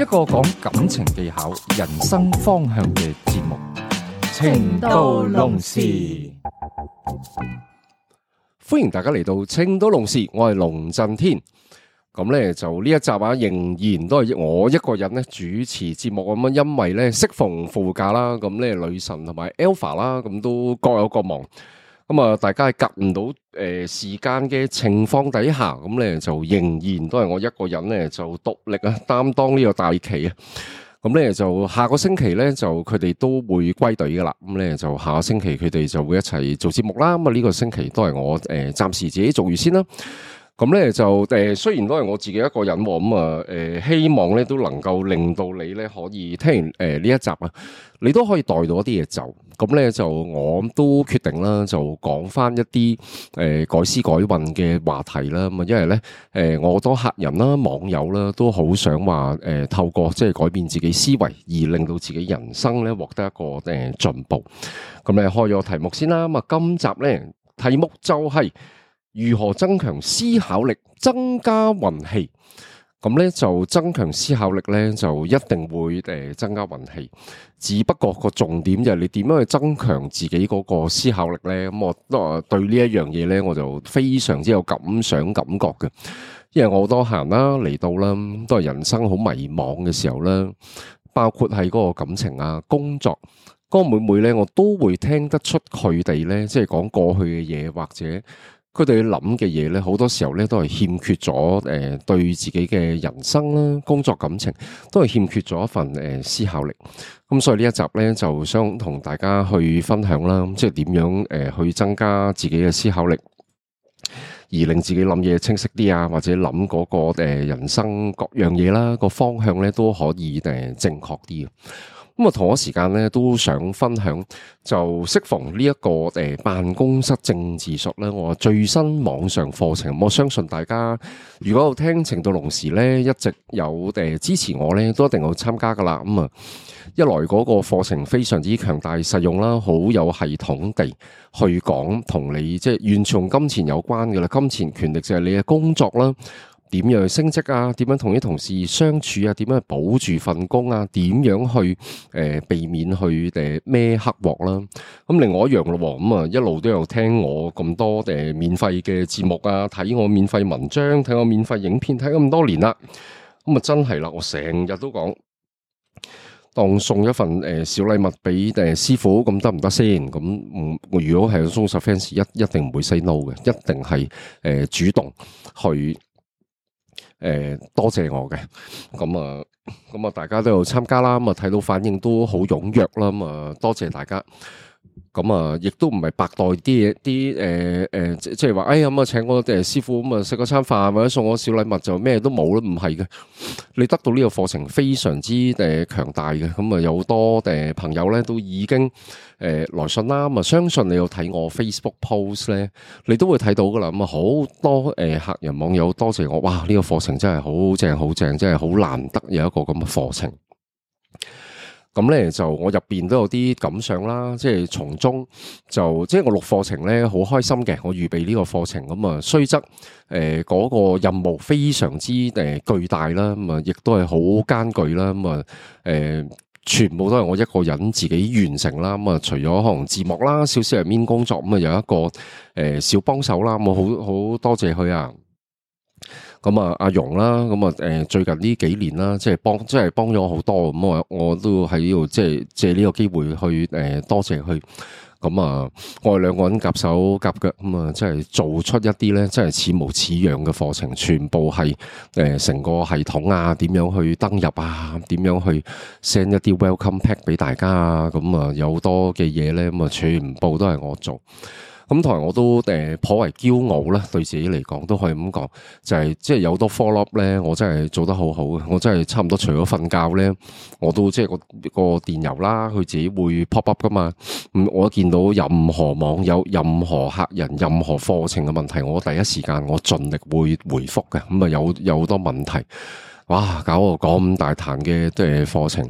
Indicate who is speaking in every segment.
Speaker 1: 一個講感情技巧、人生方向嘅節目《青都濃事情到龍匙》。歡迎大家嚟到《情到龍匙》，我係龍震天。咁咧就呢一集啊，仍然都係我一個人咧主持節目咁啊，因為咧適逢放假啦，咁咧女神同埋 Alpha 啦，咁都各有各忙。咁啊，大家係夾唔到誒時間嘅情況底下，咁咧就仍然都係我一個人咧就獨力啊擔當呢個大旗啊。咁咧就下個星期咧就佢哋都會歸隊噶啦。咁咧就下個星期佢哋就會一齊做節目啦。咁啊呢個星期都係我誒暫、呃、時自己做完先啦。咁咧就誒，雖然都係我自己一個人喎，咁啊誒，希望咧都能夠令到你咧可以聽完誒呢、呃、一集啊，你都可以帶到一啲嘢走、嗯嗯、就咁咧就我都決定啦，就講返一啲誒、呃、改思改運嘅話題啦。咁啊，因為咧誒，好、呃、多客人啦、網友啦都好想話誒、呃，透過即係改變自己思維而令到自己人生咧獲得一個誒進、呃、步。咁、嗯、咧開咗題目先啦。咁、嗯、啊，今集咧題目就係、是。如何增強思考力，增加運氣？咁咧就增強思考力咧，就一定會誒、呃、增加運氣。只不過，個重點就係你點樣去增強自己嗰個思考力咧？咁我都、呃、話對呢一樣嘢咧，我就非常之有感想、感覺嘅。因為我都行啦，嚟到啦，都係人生好迷茫嘅時候啦，包括喺嗰個感情啊、工作、個妹妹咧，我都會聽得出佢哋咧，即係講過去嘅嘢或者。佢哋諗嘅嘢咧，好多時候咧都係欠缺咗誒、呃，對自己嘅人生啦、工作、感情，都係欠缺咗一份誒、呃、思考力。咁所以呢一集咧，就想同大家去分享啦，即係點樣誒、呃、去增加自己嘅思考力，而令自己諗嘢清晰啲啊，或者諗嗰個誒人生各樣嘢啦，個方向咧都可以誒正確啲。咁啊，同一時間咧都想分享，就適逢呢一個誒辦公室政治術咧，我最新網上課程。我相信大家，如果有聽情到龍匙咧，一直有誒支持我咧，都一定有參加噶啦。咁、嗯、啊，一來嗰個課程非常之強大實用啦，好有系統地去講同你，即、就、係、是、完全同金錢有關噶啦，金錢權力就係你嘅工作啦。點樣升職啊？點樣同啲同事相處啊？點樣保住份工啊？點樣去誒避免去誒孭黑鑊啦？咁另外一樣咯喎，咁啊一路都有聽我咁多誒免費嘅節目啊，睇我免費文章，睇我免費影片，睇咁多年啦，咁啊真係啦，我成日都講當送一份誒小禮物俾誒師傅，咁得唔得先？咁嗯，如果係忠實 fans，一一定唔會 say no 嘅，一定係誒主動去。誒、呃、多謝我嘅，咁啊，咁啊，大家都有參加啦，咁啊，睇到反應都好踴躍啦，咁啊，多謝大家。咁啊，亦都唔係白袋啲嘢，啲誒誒，即係話，哎呀咁啊，請我誒師傅咁啊食嗰餐飯或者送我小禮物就咩都冇啦，唔係嘅。你得到呢個課程非常之誒強大嘅，咁、嗯、啊有好多誒朋友咧都已經誒、呃、來信啦，咁、嗯、啊相信你有睇我 Facebook post 咧，你都會睇到噶啦。咁啊好多誒、呃、客人網友多謝我，哇！呢、這個課程真係好正，好正，真係好難得有一個咁嘅課程。咁咧就我入邊都有啲感想啦，即係從中就即係我錄課程咧好開心嘅，我預備呢個課程咁啊，雖則誒嗰個任務非常之誒巨大啦，咁啊亦都係好艱巨啦，咁啊誒全部都係我一個人自己完成啦，咁啊除咗可能字幕啦，少少入面工作咁啊有一個誒小幫手啦、嗯，我好好多謝佢啊！咁啊，阿蓉啦，咁啊，誒，最近呢幾年啦，即係幫，即係幫咗我好多，咁我我都喺呢度，即係借呢個機會去誒、呃，多謝佢。咁啊，我哋兩個人夾手夾腳，咁、嗯、啊，即係做出一啲咧，即係似模似樣嘅課程，全部係誒成個系統啊，點樣去登入啊，點樣去 send 一啲 welcome pack 俾大家啊，咁啊，有多嘅嘢咧，咁啊，全部都係我做。咁同埋我都誒頗為驕傲啦，對自己嚟講都可以咁講，就係、是、即係有好多 follow up 咧，我真係做得好好嘅。我真係差唔多，除咗瞓覺咧，我都即係個個電郵啦，佢自己會 pop up 噶嘛。咁我一見到任何網友、任何客人、任何課程嘅問題，我第一時間我盡力會回覆嘅。咁啊，有有好多問題，哇！搞到咁大壇嘅即係課程，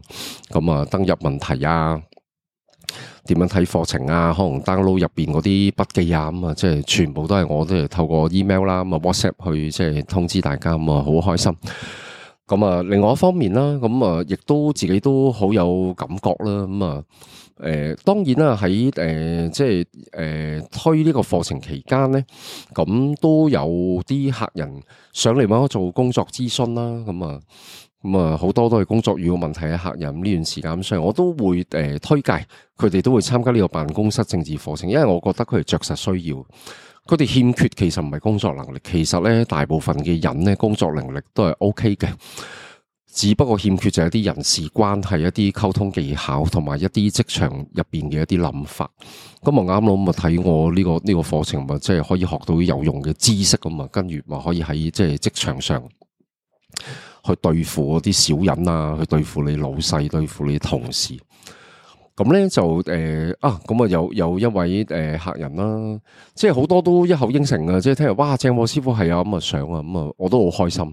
Speaker 1: 咁啊登入問題啊～點樣睇課程啊？可能 download 入邊嗰啲筆記啊，咁啊，即係全部都係我都係透過 email 啦，咁啊、嗯、WhatsApp 去即係通知大家，咁啊好開心。咁啊，另外一方面啦，咁啊，亦都自己都好有感覺啦。咁啊，誒、呃、當然啦，喺誒、呃、即係誒、呃、推呢個課程期間咧，咁都有啲客人上嚟揾我做工作諮詢啦。咁啊～咁啊，好、嗯、多都係工作遇到問題嘅客人。呢段時間上，我都會誒、呃、推介佢哋，都會參加呢個辦公室政治課程，因為我覺得佢哋着實需要。佢哋欠缺其實唔係工作能力，其實咧大部分嘅人咧工作能力都係 O K 嘅，只不過欠缺就係一啲人事關係、一啲溝通技巧，同埋一啲職場入邊嘅一啲諗法。咁啊啱啱咁啊睇我呢、呢個呢、呢個課程，咪即係可以學到有用嘅知識咁啊，跟住咪可以喺即係職場上，去對付嗰啲小人啊，去對付你老細，對付你同事，咁咧就誒、呃、啊，咁啊有有一位誒、呃、客人啦、啊，即係好多都一口應承嘅，即係聽日哇，正波師傅係啊咁啊上啊，咁啊，啊我都好開心。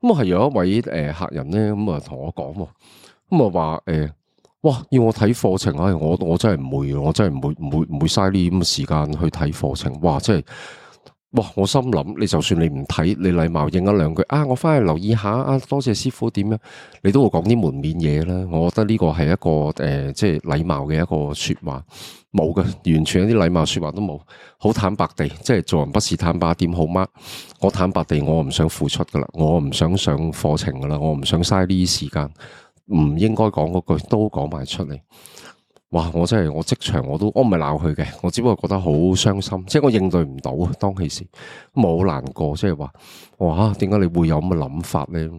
Speaker 1: 咁啊係有一位誒、呃、客人咧，咁啊同我講，咁啊話誒，哇，要我睇課程啊，我我真係唔會，我真係唔會唔會唔會嘥呢咁嘅時間去睇課程，哇，即係。哇！我心諗，你就算你唔睇，你禮貌應一兩句啊！我翻去留意下啊，多謝師傅點樣，你都會講啲門面嘢啦。我覺得呢個係一個誒、呃，即係禮貌嘅一個說話冇嘅，完全一啲禮貌說話都冇，好坦白地，即係做人不是坦白點好嗎？我坦白地，我唔想付出噶啦，我唔想上課程噶啦，我唔想嘥呢啲時間，唔應該講嗰句都講埋出嚟。哇！我真係我職場我都我唔係鬧佢嘅，我只不過覺得好傷心，即係我應對唔到當其時，冇難過，即係話哇！點解你會有咁嘅諗法咧？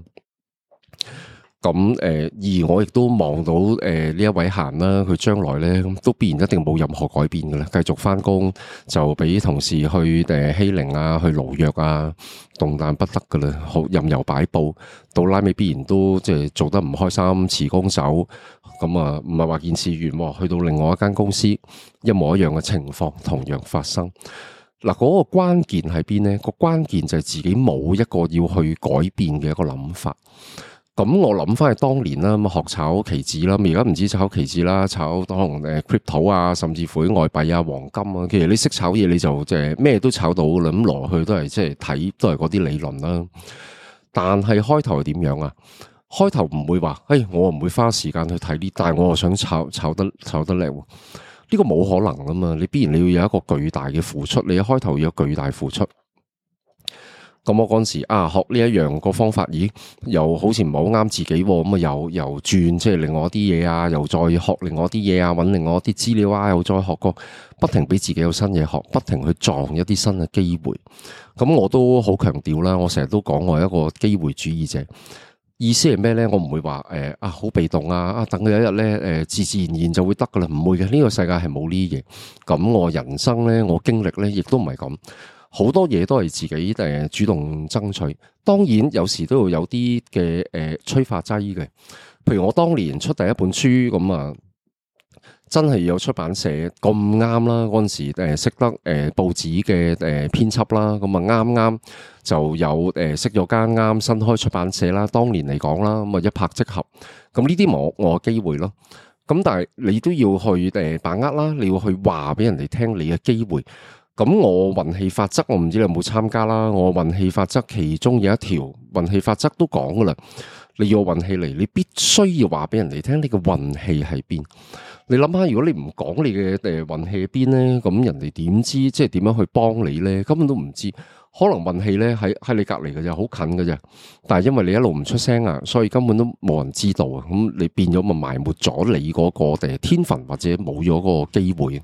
Speaker 1: 咁誒、呃、而我亦都望到誒呢、呃、一位行啦，佢將來咧都必然一定冇任何改變嘅啦，繼續返工就俾同事去誒欺凌啊，去奴役啊，動彈不得嘅啦，好任由擺佈，到拉尾必然都即係做得唔開心，辭工走。咁啊，唔係話件事完喎，去到另外一間公司，一模一樣嘅情況同樣發生。嗱，嗰個關鍵喺邊咧？個關鍵就係自己冇一個要去改變嘅一個諗法。咁我諗翻去當年啦，咁學炒期指啦，而家唔止炒期指啦，炒當誒 Crypto 啊，甚至乎外幣啊、黃金啊，其實你識炒嘢，你就即係咩都炒到，諗落去都係即係睇，都係嗰啲理論啦。但係開頭係點樣啊？開頭唔會話，誒、哎，我唔會花時間去睇呢，但係我又想炒炒得炒得叻，呢、這個冇可能啊嘛！你必然你要有一個巨大嘅付出，你一開頭要有巨大付出。咁我嗰陣時啊，學呢一樣個方法，咦，又好似唔係好啱自己，咁啊又又轉，即、就、係、是、另外啲嘢啊，又再學另外啲嘢啊，揾另外啲資料啊，又再學過，不停俾自己有新嘢學，不停去撞一啲新嘅機會。咁我都好強調啦，我成日都講我係一個機會主義者。意思係咩咧？我唔會話誒啊好被動啊啊，等佢有一日咧誒、呃、自自然然就會得噶啦，唔會嘅。呢、呢個世界係冇呢嘢。咁我人生咧，我經歷咧，亦都唔係咁，好多嘢都係自己誒、呃、主動爭取。當然有時都會有啲嘅誒催化劑嘅，譬如我當年出第一本書咁啊。真係有出版社咁啱啦。嗰陣時誒、呃、識得誒、呃、報紙嘅誒編輯啦，咁啊啱啱就有誒、呃、識咗間啱新開出版社啦。當年嚟講啦，咁啊一拍即合。咁呢啲冇我機會咯。咁但係你都要去誒把握啦。你要去話俾人哋聽你嘅機會。咁我運氣法則，我唔知你有冇參加啦。我運氣法則其中有一條運氣法則都講㗎啦，你要運氣嚟，你必須要話俾人哋聽你嘅運氣喺邊。你諗下，如果你唔講你嘅誒運氣喺邊咧，咁人哋點知？即係點樣去幫你咧？根本都唔知。可能運氣咧喺喺你隔籬嘅就好近嘅啫。但係因為你一路唔出聲啊，所以根本都冇人知道啊。咁你變咗咪埋沒咗你嗰、那個嘅天分，或者冇咗嗰個機會。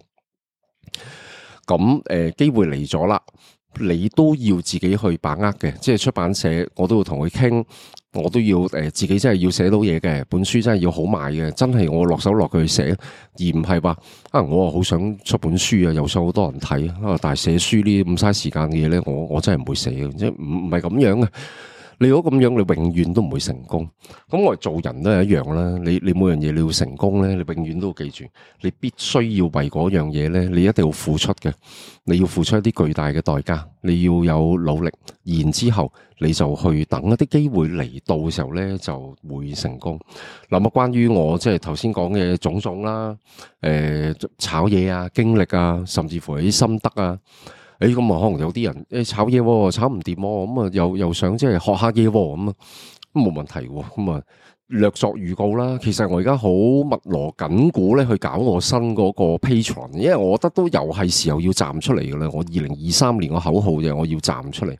Speaker 1: 咁誒，機、呃、會嚟咗啦，你都要自己去把握嘅。即係出版社，我都會同佢傾。我都要誒、呃，自己真係要寫到嘢嘅，本書真係要好賣嘅，真係我落手落去寫，而唔係話啊，我啊好想出本書啊，又想好多人睇啊，但係寫書呢啲咁嘥時間嘅嘢咧，我我真係唔會寫，即係唔唔係咁樣啊。你如果咁樣，你永遠都唔會成功。咁我做人都係一樣啦。你你每樣嘢你要成功咧，你永遠都要記住，你必須要為嗰樣嘢咧，你一定要付出嘅。你要付出一啲巨大嘅代價，你要有努力，然之後你就去等一啲機會嚟到嘅時候咧，就會成功。嗱，咁啊，關於我即係頭先講嘅種種啦，誒、呃，炒嘢啊，經歷啊，甚至乎有啲心得啊。誒，咁啊、欸，可能有啲人誒炒嘢，炒唔掂、啊，咁啊又又想即係學下嘢、啊，咁啊都冇問題、啊，咁啊略作預告啦。其實我而家好密鑼緊鼓咧去搞我新嗰個 Patreon 因為我覺得都又係時候要站出嚟噶啦。我二零二三年個口號嘅，我要站出嚟。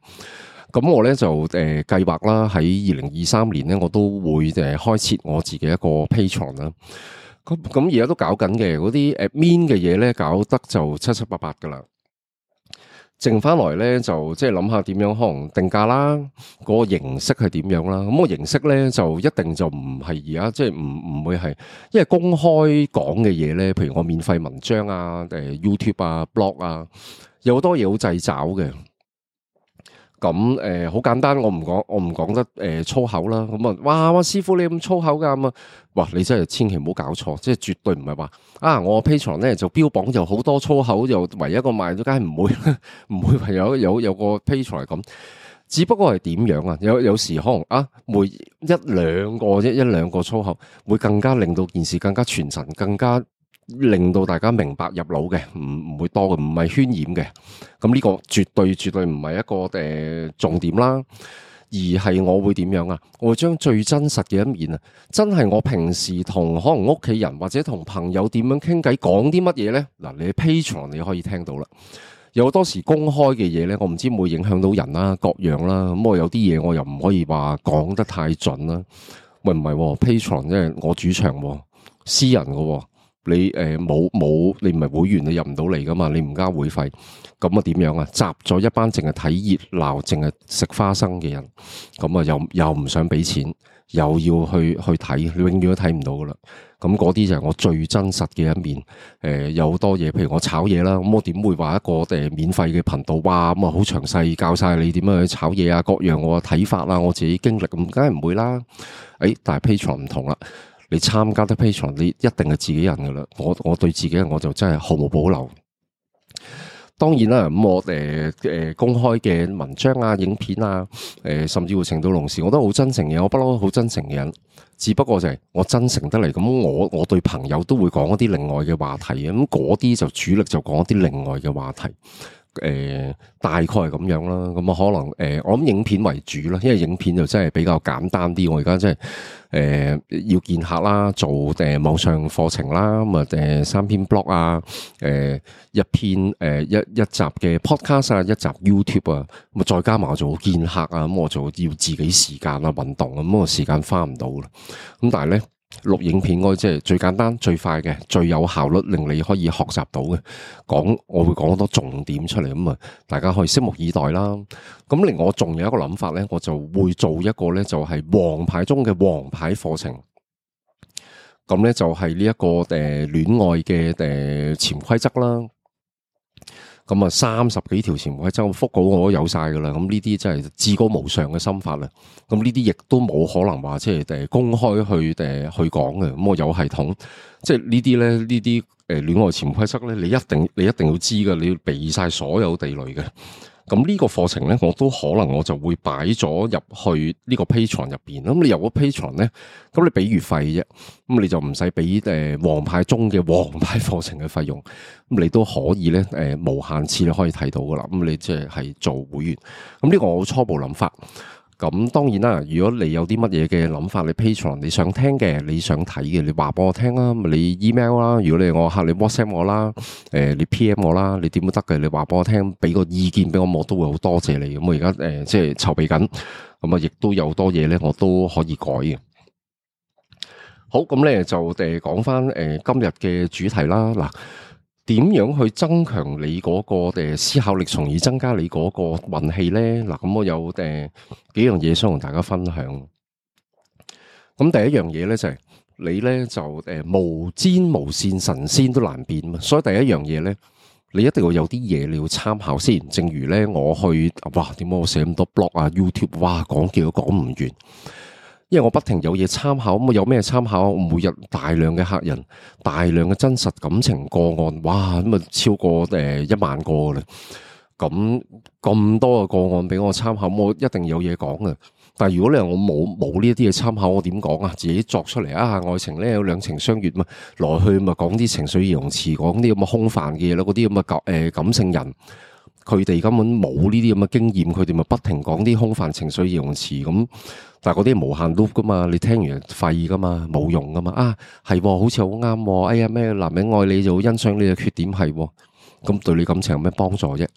Speaker 1: 咁我咧就誒計劃啦，喺二零二三年咧我都會誒開設我自己一個 Patreon 啦。咁咁而家都搞緊嘅嗰啲誒 mean 嘅嘢咧，搞得就七七八八噶啦。剩翻嚟咧就即係諗下點樣，可能定價啦，嗰個形式係點樣啦。咁個形式咧就一定就唔係而家，即係唔唔會係，因為公開講嘅嘢咧，譬如我免費文章啊、誒 YouTube 啊、blog 啊，有好多嘢好制找嘅。咁誒好簡單，我唔講，我唔講得誒、呃、粗口啦。咁啊，哇！哇，師傅你咁粗口噶，咁啊，哇！你真係千祈唔好搞錯，即係絕對唔係話啊，我 Patreon 咧就標榜有好多粗口，就唯一,一個賣都梗係唔會啦，唔 會有有有個 Patreon 咁。只不過係點樣啊？有有時可能啊，每一兩個啫，一兩個粗口會更加令到件事更加傳神，更加。令到大家明白入腦嘅，唔唔會多嘅，唔係渲染嘅。咁、這、呢個絕對絕對唔係一個誒、呃、重點啦，而係我會點樣啊？我會將最真實嘅一面啊，真係我平時同可能屋企人或者同朋友點樣傾偈，講啲乜嘢咧？嗱，你喺 Patreon 你可以聽到啦。有好多時公開嘅嘢咧，我唔知會影響到人啦、啊，各樣啦、啊。咁我有啲嘢我又唔可以話講得太準啦。喂，唔係、啊，Patreon 即係我主場、啊，私人嘅、啊。你誒冇冇，你唔係會員你入唔到嚟噶嘛？你唔交會費，咁啊點樣啊？集咗一班淨係睇熱鬧、淨係食花生嘅人，咁啊又又唔想俾錢，又要去去睇，你永遠都睇唔到噶啦。咁嗰啲就係我最真實嘅一面。誒、呃，有好多嘢，譬如我炒嘢啦，咁我點會話一個誒免費嘅頻道哇？咁啊好詳細教晒你點樣去炒嘢啊？各樣我嘅睇法啦、啊，我自己經歷咁，梗係唔會啦。誒、欸，但係 Patreon 唔同啦。你參加的 Patreon，你一定係自己人噶啦。我我對自己人我就真係毫無保留。當然啦，咁我誒誒、呃、公開嘅文章啊、影片啊，誒、呃、甚至乎程度同事，我都好真誠嘅。我不嬲好真誠嘅人，只不過就係我真誠得嚟。咁我我對朋友都會講一啲另外嘅話題啊。咁嗰啲就主力就講一啲另外嘅話題。誒、呃，大概係咁樣啦，咁、嗯、啊可能誒、呃，我諗影片為主啦，因為影片就真係比較簡單啲。我而家真係誒、呃、要見客啦，做誒、呃、網上課程啦，咁啊誒三篇 blog 啊，誒、呃、一篇誒、呃、一一集嘅 podcast 啊，一集 YouTube 啊，咁、嗯、啊再加埋做見客啊，咁、嗯、我做要自己時間啊運動咁、啊嗯，我時間花唔到啦。咁、嗯、但係咧。錄影片嗰即係最簡單最快嘅、最有效率，令你可以學習到嘅講，我會講多重點出嚟，咁啊大家可以拭目以待啦。咁另外我仲有一個諗法咧，我就會做一個咧就係王牌中嘅王牌課程。咁咧就係呢一個誒戀愛嘅誒潛規則啦。咁啊，三十幾條潛規則，覆稿我都有晒㗎喇。咁呢啲真係至高無上嘅心法啦。咁呢啲亦都冇可能話即係誒公開去誒去講嘅。咁我有系統，即係呢啲咧，呢啲誒戀愛潛規則咧，你一定你一定要知㗎，你要避曬所有地雷嘅。咁呢個課程咧，我都可能我就會擺咗入去個呢個 Patreon 入邊啦。咁你入咗 Patreon 咧，咁你俾月費啫，咁你就唔使俾誒皇牌中嘅皇牌課程嘅費用，咁你都可以咧誒、呃、無限次你可以睇到噶啦。咁你即係係做會員，咁呢個我初步諗法。咁當然啦，如果你有啲乜嘢嘅諗法，你 patron 你想聽嘅，你想睇嘅，你話俾我聽啦，你 email 啦，如果你係我客你 whatsapp 我啦，誒、呃、你 pm 我啦，你點都得嘅，你話俾我聽，俾個意見俾我，我都會好多謝你咁。我而家誒即係籌備緊，咁啊亦都有多嘢咧，我都可以改嘅。好，咁咧就誒講翻誒今日嘅主題啦，嗱。點樣去增強你嗰、那個誒思考力，從而增加你嗰個運氣咧？嗱，咁我有誒、呃、幾樣嘢想同大家分享。咁第一樣嘢咧就係、是、你咧就誒、呃、無尖無線神仙都難變嘛，所以第一樣嘢咧，你一定要有啲嘢你要參考先。正如咧我去哇，點解我寫咁多 blog 啊，YouTube 哇，講叫都講唔完。因為我不停有嘢參考，咁啊有咩參考？每日大量嘅客人，大量嘅真實感情個案，哇！咁啊超過誒一萬個啦。咁咁多嘅個案俾我參考，我一定有嘢講嘅。但係如果你話我冇冇呢一啲嘢參考，我點講啊？自己作出嚟啊！愛情咧有兩情相悅嘛，來去咪講啲情緒形容詞，講啲咁嘅空泛嘅嘢咯，嗰啲咁嘅感誒感性人，佢哋根本冇呢啲咁嘅經驗，佢哋咪不停講啲空泛情緒形容詞咁。但係嗰啲無限 loop 噶嘛，你聽完廢噶嘛，冇用噶嘛。啊，係、哦，好似好啱。哎呀，咩男人愛你就好欣賞你嘅缺點係、哦，咁對你感情有咩幫助啫？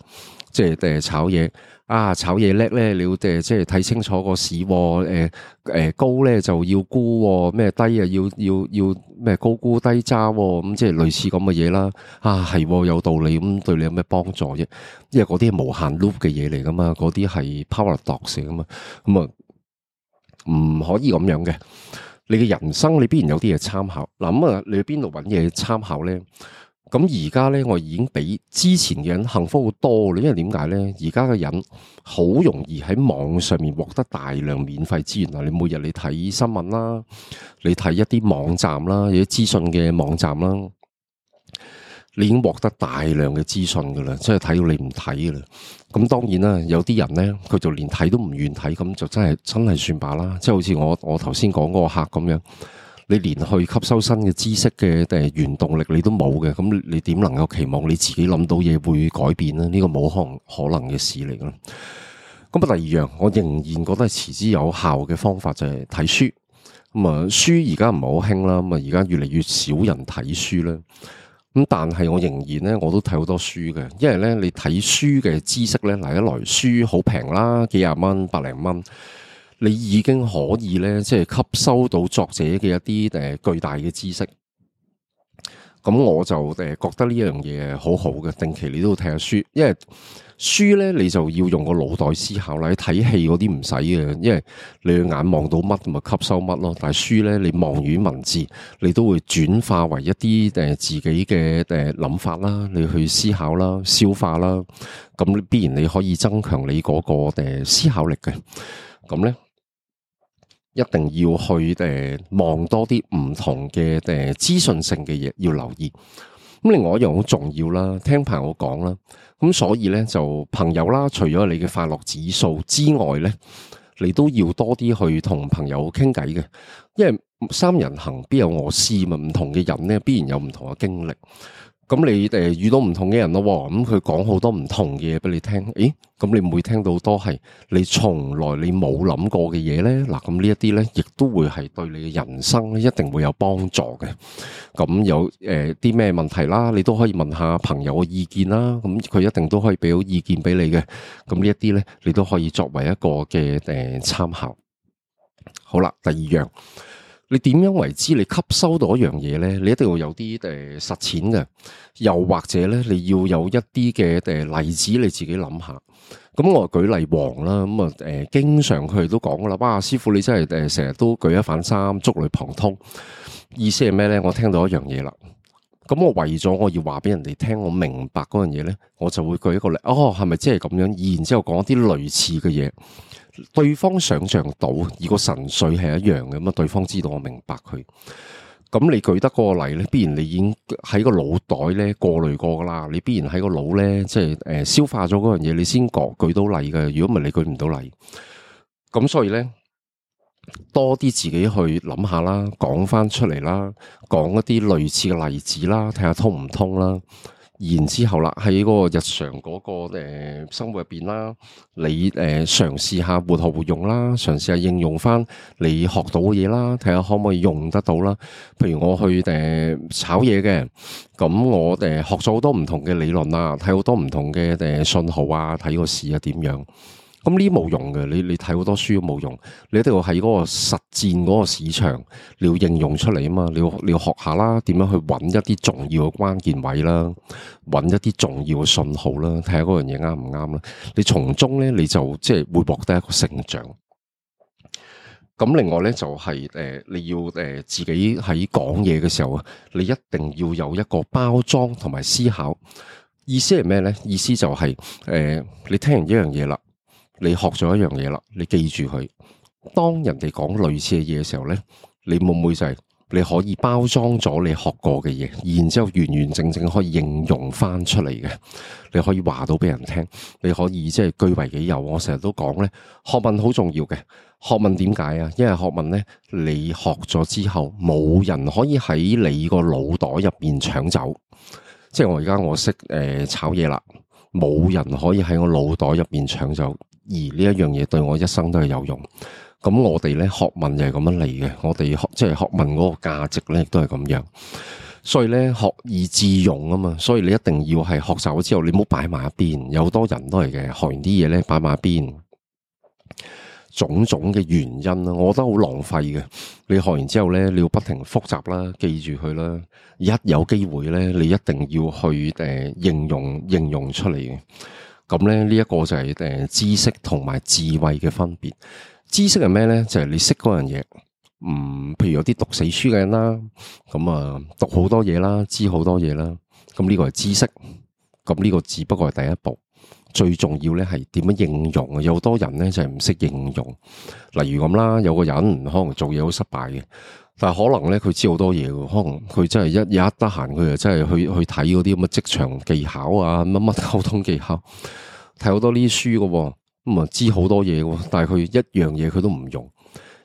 Speaker 1: 即係誒炒嘢啊，炒嘢叻咧，你要誒即係睇清楚個市誒誒、呃呃、高咧就要沽、哦，咩低啊要要要咩高估低揸、哦，咁即係類似咁嘅嘢啦。啊，係、哦、有道理，咁對你有咩幫助啫？因為嗰啲係無限 loop 嘅嘢嚟噶嘛，嗰啲係 paradox 噶嘛，咁、嗯、啊。唔可以咁樣嘅，你嘅人生你必然有啲嘢參考。嗱，咁啊，你去邊度揾嘢參考咧？咁而家咧，我已經比之前嘅人幸福好多。你因為點解咧？而家嘅人好容易喺網上面獲得大量免費資源啊！你每日你睇新聞啦，你睇一啲網站啦，有啲資訊嘅網站啦。你已經獲得大量嘅資訊噶啦，即係睇到你唔睇噶啦。咁當然啦，有啲人咧，佢就連睇都唔願睇，咁就真係真係算罷啦。即係好似我我頭先講嗰個客咁樣，你連去吸收新嘅知識嘅、誒原動力你都冇嘅，咁你點能夠期望你自己諗到嘢會改變呢？呢個冇可能嘅事嚟啦。咁啊，第二樣，我仍然覺得係持之有效嘅方法就係睇書。咁啊，書而家唔係好興啦，咁啊，而家越嚟越少人睇書啦。咁但係我仍然咧，我都睇好多書嘅，因為咧，你睇書嘅知識咧，嚟一來書好平啦，幾廿蚊、百零蚊，你已經可以咧，即係吸收到作者嘅一啲誒巨大嘅知識。咁我就誒覺得呢樣嘢好好嘅，定期你都睇下書，因為書咧你就要用個腦袋思考啦。睇戲嗰啲唔使嘅，因為你眼望到乜咪吸收乜咯。但係書咧，你望完文字，你都會轉化為一啲誒自己嘅誒諗法啦，你去思考啦、消化啦，咁必然你可以增強你嗰個誒思考力嘅。咁咧。一定要去誒，望、呃、多啲唔同嘅誒資訊性嘅嘢要留意。咁另外一樣好重要啦，聽朋友講啦。咁所以咧就朋友啦，除咗你嘅快樂指數之外咧，你都要多啲去同朋友傾偈嘅，因為三人行必有我師嘛，唔同嘅人咧必然有唔同嘅經歷。咁你誒遇到唔同嘅人咯，咁佢講好多唔同嘅嘢俾你聽，誒，咁你每聽到都係你從來你冇諗過嘅嘢咧，嗱，咁呢一啲咧，亦都會係對你嘅人生一定會有幫助嘅。咁有誒啲咩問題啦，你都可以問下朋友嘅意見啦，咁佢一定都可以俾好意見俾你嘅。咁呢一啲咧，你都可以作為一個嘅誒、呃、參考。好啦，第二樣。你點樣為之你吸收到一樣嘢咧？你一定要有啲誒實踐嘅，又或者咧你要有一啲嘅誒例子，你自己諗下。咁我舉例王啦，咁啊誒經常佢哋都講噶啦，哇師傅你真係誒成日都舉一反三，觸類旁通。意思係咩咧？我聽到一樣嘢啦。咁我為咗我要話俾人哋聽，我明白嗰樣嘢咧，我就會舉一個例。哦，係咪即係咁樣？然之後講啲類似嘅嘢。對方想象到，如果神髓係一樣嘅，咁啊，對方知道我明白佢。咁你舉得嗰個例咧，必然你已經喺個腦袋咧過濾過噶啦，你必然喺個腦咧即係誒消化咗嗰樣嘢，你先講舉，舉到例嘅。如果唔係，你舉唔到例。咁所以咧，多啲自己去諗下啦，講翻出嚟啦，講一啲類似嘅例子啦，睇下通唔通啦。然之後啦，喺嗰個日常嗰個生活入邊啦，你誒嘗試下活學活用啦，嘗試下應用翻你學到嘅嘢啦，睇下可唔可以用得到啦。譬如我去誒炒嘢嘅，咁我誒學咗好多唔同嘅理論啊，睇好多唔同嘅誒信號啊，睇個市啊點樣。咁呢啲冇用嘅，你你睇好多書都冇用，你一定要喺嗰個實戰嗰個市場，你要應用出嚟啊嘛，你要你要學下啦，點樣去揾一啲重要嘅關鍵位啦，揾一啲重要嘅信號啦，睇下嗰樣嘢啱唔啱啦，你從中咧你就即係會獲得一個成長。咁另外咧就係、是、誒、呃、你要誒、呃、自己喺講嘢嘅時候，你一定要有一個包裝同埋思考。意思係咩咧？意思就係、是、誒、呃、你聽完一樣嘢啦。你學咗一樣嘢啦，你記住佢。當人哋講類似嘅嘢嘅時候呢，你會唔會就係你可以包裝咗你學過嘅嘢，然之後完完整整可以應用翻出嚟嘅？你可以話到俾人聽，你可以即係據為己有。我成日都講呢，學問好重要嘅。學問點解啊？因為學問呢，你學咗之後，冇人可以喺你個腦袋入邊搶走。即係我而家我識誒、呃、炒嘢啦，冇人可以喺我腦袋入邊搶走。而呢一樣嘢對我一生都係有用，咁我哋咧學問就係咁樣嚟嘅。我哋學即係、就是、學問嗰個價值咧都係咁樣，所以咧學以致用啊嘛，所以你一定要係學熟咗之後，你唔好擺埋一邊，有好多人都係嘅，學完啲嘢咧擺埋一邊，種種嘅原因啦，我覺得好浪費嘅，你學完之後咧你要不停複習啦，記住佢啦，一有機會咧你一定要去誒、呃、應用應用出嚟嘅。咁咧，呢一個就係誒知識同埋智慧嘅分別。知識係咩咧？就係、是、你識嗰樣嘢。嗯，譬如有啲讀死書嘅人啦，咁啊讀好多嘢啦，知好多嘢啦。咁、這、呢個係知識。咁、這、呢個只不過係第一步，最重要咧係點樣應用。有好多人咧就係唔識應用。例如咁啦，有個人可能做嘢好失敗嘅。但係可能咧，佢知好多嘢嘅，可能佢真係一,一,一有一得閒，佢就真係去去睇嗰啲咁嘅職場技巧啊，乜乜溝通技巧，睇好多呢啲書嘅，咁、嗯、啊知好多嘢嘅。但係佢一樣嘢佢都唔用，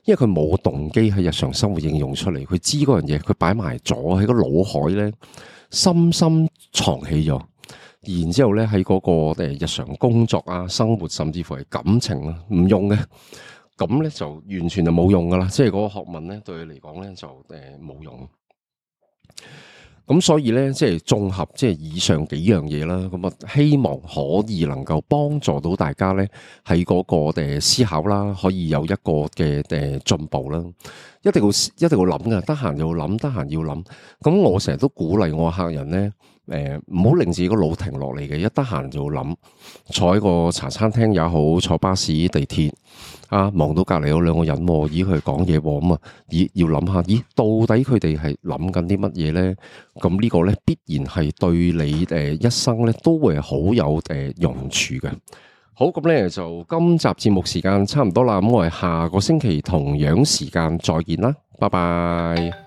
Speaker 1: 因為佢冇動機喺日常生活應用出嚟。佢知嗰樣嘢，佢擺埋咗喺個腦海咧，深深藏起咗。然之後咧喺嗰個誒日常工作啊、生活甚至乎係感情啊，唔用嘅。咁咧就完全就冇用噶啦，即係嗰個學問咧對你嚟講咧就誒冇用。咁所以咧即係綜合即係以上幾樣嘢啦，咁啊希望可以能夠幫助到大家咧，喺嗰個誒思考啦，可以有一個嘅誒進步啦。一定要一定要諗噶，得閒要諗，得閒要諗。咁我成日都鼓勵我客人咧。誒，唔好令自己個腦停落嚟嘅，一得閒就諗，坐喺個茶餐廳也好，坐巴士、地鐵啊，望到隔籬有兩個人，咦佢講嘢，咁啊，咦，啊，咦要諗下，咦到底佢哋係諗緊啲乜嘢咧？咁呢個咧必然係對你誒、呃、一生咧都會好有誒用、呃、處嘅。好，咁咧就今集節目時間差唔多啦，咁我哋下個星期同樣時間再見啦，拜拜。